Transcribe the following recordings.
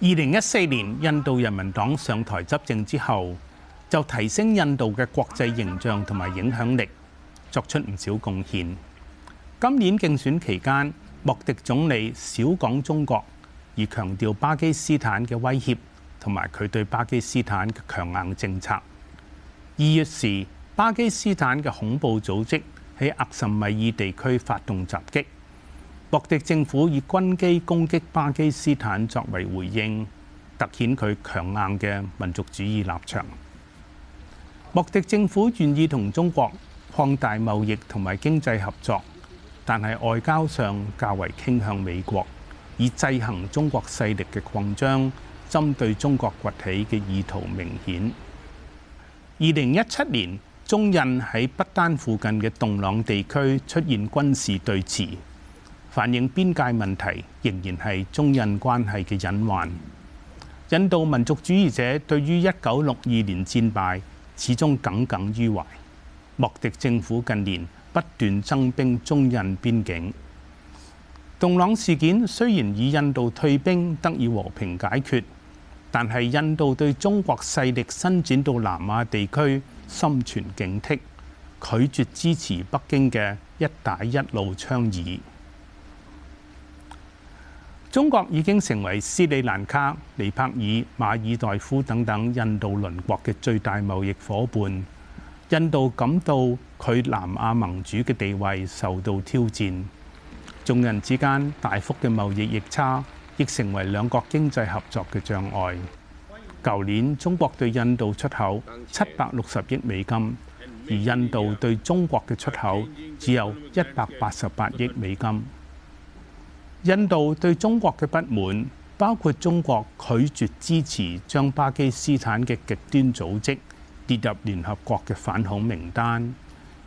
二零一四年印度人民黨上台執政之後，就提升印度嘅國際形象同埋影響力，作出唔少貢獻。今年競選期間，莫迪總理少講中國，而強調巴基斯坦嘅威脅同埋佢對巴基斯坦嘅強硬政策。二月時，巴基斯坦嘅恐怖組織喺克什米爾地區發動襲擊。莫迪政府以軍機攻擊巴基斯坦作為回應，突顯佢強硬嘅民族主義立場。莫迪政府願意同中國擴大貿易同埋經濟合作，但係外交上較為傾向美國，以制衡中國勢力嘅擴張，針對中國崛起嘅意圖明顯。二零一七年，中印喺不丹附近嘅洞朗地區出現軍事對峙。反映邊界問題仍然係中印關係嘅隱患，印度民族主義者對於一九六二年戰敗始終耿耿於懷。莫迪政府近年不斷增兵中印邊境，洞朗事件雖然以印度退兵得以和平解決，但係印度對中國勢力伸展到南亞地區心存警惕，拒絕支持北京嘅「一帶一路」倡議。中國已經成為斯里蘭卡、尼泊爾、馬爾代夫等等印度鄰國嘅最大貿易夥伴。印度感到佢南亞盟主嘅地位受到挑戰。中印之間大幅嘅貿易逆差，亦成為兩國經濟合作嘅障礙。舊年中國對印度出口七百六十億美金，而印度對中國嘅出口只有一百八十八億美金。印度對中國嘅不滿，包括中國拒絕支持將巴基斯坦嘅極端組織列入聯合國嘅反恐名單，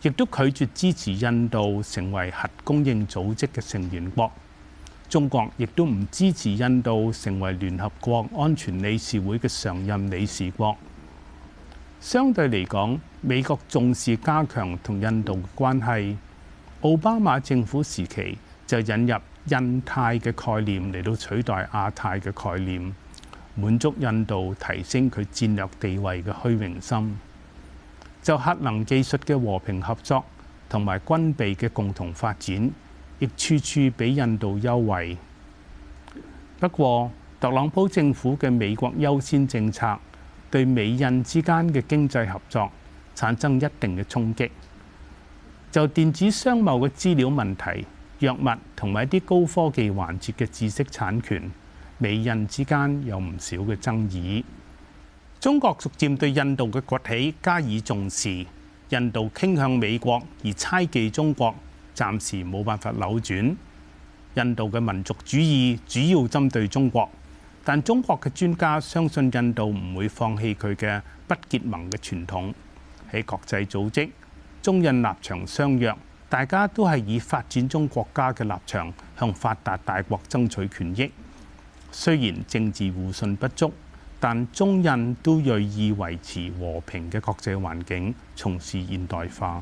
亦都拒絕支持印度成為核供應組織嘅成員國。中國亦都唔支持印度成為聯合國安全理事會嘅常任理事國。相對嚟講，美國重視加強同印度嘅關係。奧巴馬政府時期就引入印太嘅概念嚟到取代亞太嘅概念，滿足印度提升佢戰略地位嘅虛榮心。就核能技術嘅和平合作同埋軍備嘅共同發展，亦處處俾印度優惠。不過特朗普政府嘅美國優先政策對美印之間嘅經濟合作產生一定嘅衝擊，就電子商貿嘅資料問題。藥物同埋一啲高科技環節嘅知識產權，美印之間有唔少嘅爭議。中國逐漸對印度嘅崛起加以重視，印度傾向美國而猜忌中國，暫時冇辦法扭轉。印度嘅民族主義主要針對中國，但中國嘅專家相信印度唔會放棄佢嘅不結盟嘅傳統。喺國際組織，中印立場相若。大家都係以發展中國家嘅立場向發達大國爭取權益，雖然政治互信不足，但中印都銳意維持和平嘅國際環境，從事現代化。